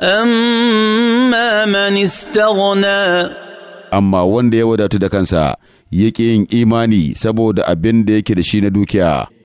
amma man istaghna amma wanda ya wadatu da kansa yake yin imani saboda abin da yake da shi na dukiya